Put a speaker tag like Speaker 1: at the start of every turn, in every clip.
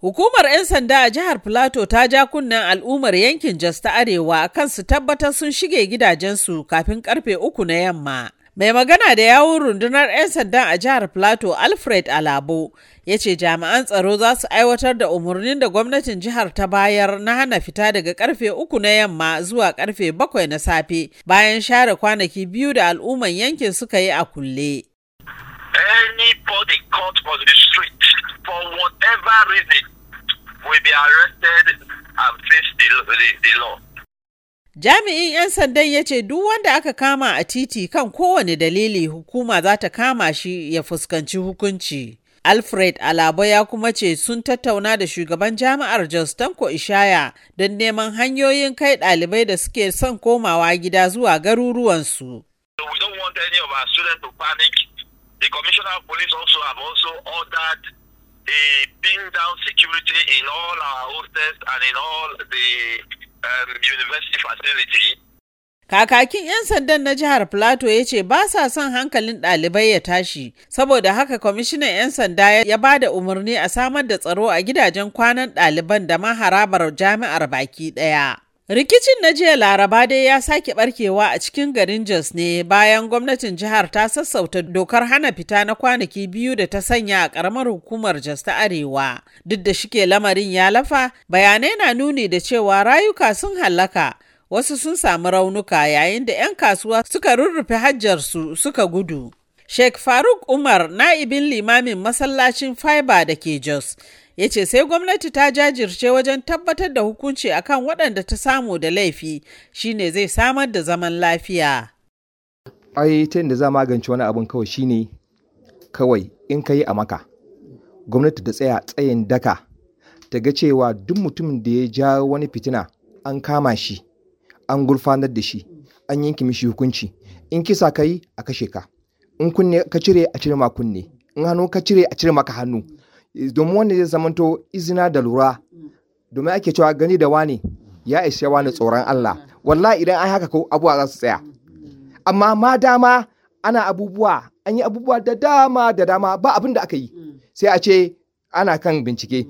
Speaker 1: Hukumar 'yan sanda a jihar Filato ta ja kunnen al'ummar yankin Jos ta Arewa kan su tabbatar sun shige gidajensu kafin karfe uku na yamma. Mai magana da yawun rundunar 'yan sanda a jihar Filato Alfred Alabo ya ce jami'an tsaro za su aiwatar da umarnin da gwamnatin jihar ta bayar na hana fita daga karfe uku na yamma zuwa karfe bakwai na safe bayan share kwanaki biyu da al'umman yankin suka yi a kulle.
Speaker 2: Anybody prison will be arrested and face the, the, the law.
Speaker 1: Jami'in 'yan sandan ya ce duk wanda aka kama a titi kan kowane dalili hukuma za ta kama shi ya fuskanci hukunci. Alfred Alabo ya kuma ce sun tattauna da shugaban jami'ar Jos Tanko Ishaya don neman hanyoyin kai ɗalibai da suke son komawa gida zuwa garuruwansu. We don't want
Speaker 2: any of our students to panic. The commissioner of police also have also ordered a pin down security in all our hostels and in all the um, university facility.
Speaker 1: Kakakin 'yan sandan na jihar Plateau ya ce ba sa son hankalin ɗalibai ya tashi, saboda haka kwamishinan 'yan sanda ya ba da umarni a samar da tsaro a gidajen kwanan ɗaliban da ma harabar jami'ar baki ɗaya. Rikicin na jiya Laraba dai ya sake barkewa a cikin garin Jos ne bayan gwamnatin jihar ta sassauta dokar hana fita na kwanaki biyu da ta sanya a karamar hukumar Jos ta Arewa. Duk da shike lamarin ya lafa, bayanai na nuni da cewa rayuka sun hallaka. Wasu sun samu raunuka yayin da 'yan kasuwa suka rurrufe hajjarsu suka gudu. Sheikh Faruk Umar na'ibin limamin masallacin Fiber da ke Jos ya ce sai gwamnati ta jajirce wajen tabbatar da hukunci akan waɗanda ta samu da laifi shine zai samar da zaman lafiya.
Speaker 3: ai ta yadda za magance wani abin kawai shine kawai in ka yi a maka gwamnati ta tsaya tsayin daka ta ga cewa duk mutumin da ya ja wani fitina an kama shi an gurfanar da shi an yanke mishi hukunci in kisa ka yi a kashe ka in kunne ka cire a cire ma kunne in hannu ka cire a cire maka hannu Eh, domin wanda zai zamanto izina da lura domin ake cewa gani da wani ya ishe wani tsoron Allah wallahi idan an haka ko abubuwa za su tsaya amma ma dama ana abubuwa an yi abubuwa da dama da dama ba abin da aka yi sai a ce ana kan bincike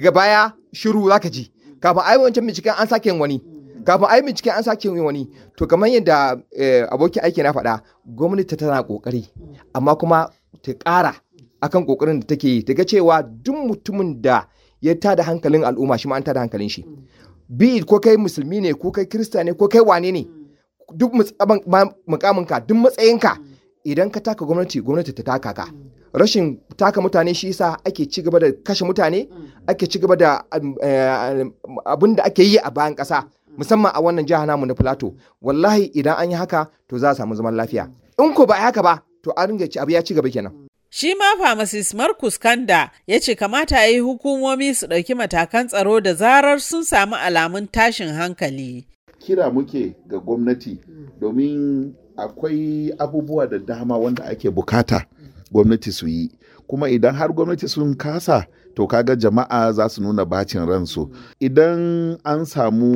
Speaker 3: ga baya shiru za ka ji kafin a yi wancan binciken an sake wani kafin a yi binciken an sake wani to kamar yadda eh, abokin aiki na faɗa gwamnati tana ƙoƙari amma kuma ta ƙara akan kokarin da take yi ta cewa duk mutumin da ya tada hankalin al'umma shi ma an tada hankalin shi mm. bi ko kai musulmi ne ko kai kirista ne ko kai wane ne mm. duk ka duk ka mm. idan ka taka gwamnati gwamnati ta taka ka rashin taka mutane shi yasa ake ci gaba da kashe mutane ake ci gaba da eh, abin da ake yi a bayan kasa. musamman a wannan jihar namu na filato. wallahi idan an yi haka to za a samu zaman lafiya in ko ba a haka ba to an ringa abu ya ci gaba kenan
Speaker 1: Shi ma Pharmacist Marcus Kanda ya ce kamata a yi hukumomi su ɗauki matakan tsaro da zarar sun samu alamun tashin hankali.
Speaker 2: Kira muke ga gwamnati domin akwai abubuwa da dama wanda ake bukata gwamnati su yi. kuma idan har gwamnati sun kasa to kaga jama'a za su nuna bacin ransu idan an samu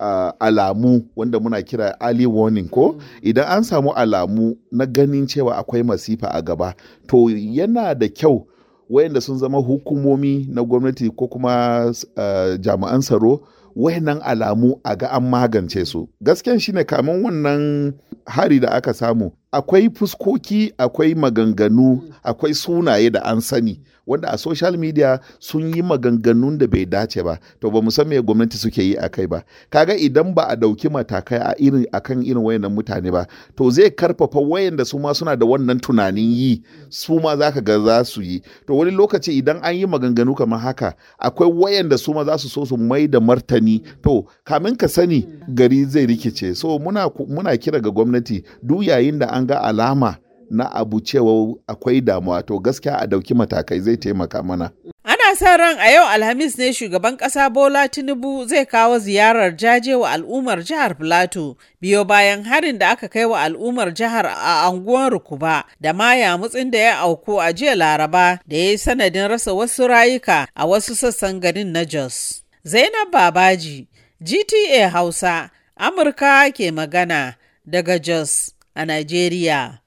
Speaker 2: uh, alamu wanda muna kira early warning ko idan an samu alamu na ganin cewa akwai masifa a gaba to yana da kyau wayanda sun zama hukumomi na gwamnati ko kuma uh, jami'an tsaro wayannan alamu a ga an magance su gasken shine kamin wannan hari da aka samu akwai fuskoki akwai maganganu akwai sunaye da an sani wanda a social media sun yi maganganun da bai dace ba to ba mu san me gwamnati suke yi akai ba kaga idan ba a dauki matakai a irin akan irin wayannan mutane ba to zai karfafa wayanda su ma suna da wannan tunanin yi su ma ka ga za su yi to wani lokaci idan an yi maganganu kamar haka akwai wayanda su ma za su so su mai da martani to kamin ka sani gari zai rikice so muna muna kira ga gwamnati duk yayin da an an ga alama na abu cewa akwai damuwa to gaskiya a dauki matakai zai taimaka mana.
Speaker 1: Ana sa ran a yau Alhamis ne shugaban kasa Bola Tinubu zai kawo ziyarar jaje wa al'ummar jihar Filato biyo bayan harin da aka kai wa al'ummar jihar a anguwan Rukuba da ma yamutsin da ya auku a jiya Laraba da ya yi sanadin rasa wasu rayuka a wasu sassan garin na Jos. Zainab Babaji, GTA Hausa, Amurka ke magana daga Jos. a Nigeria.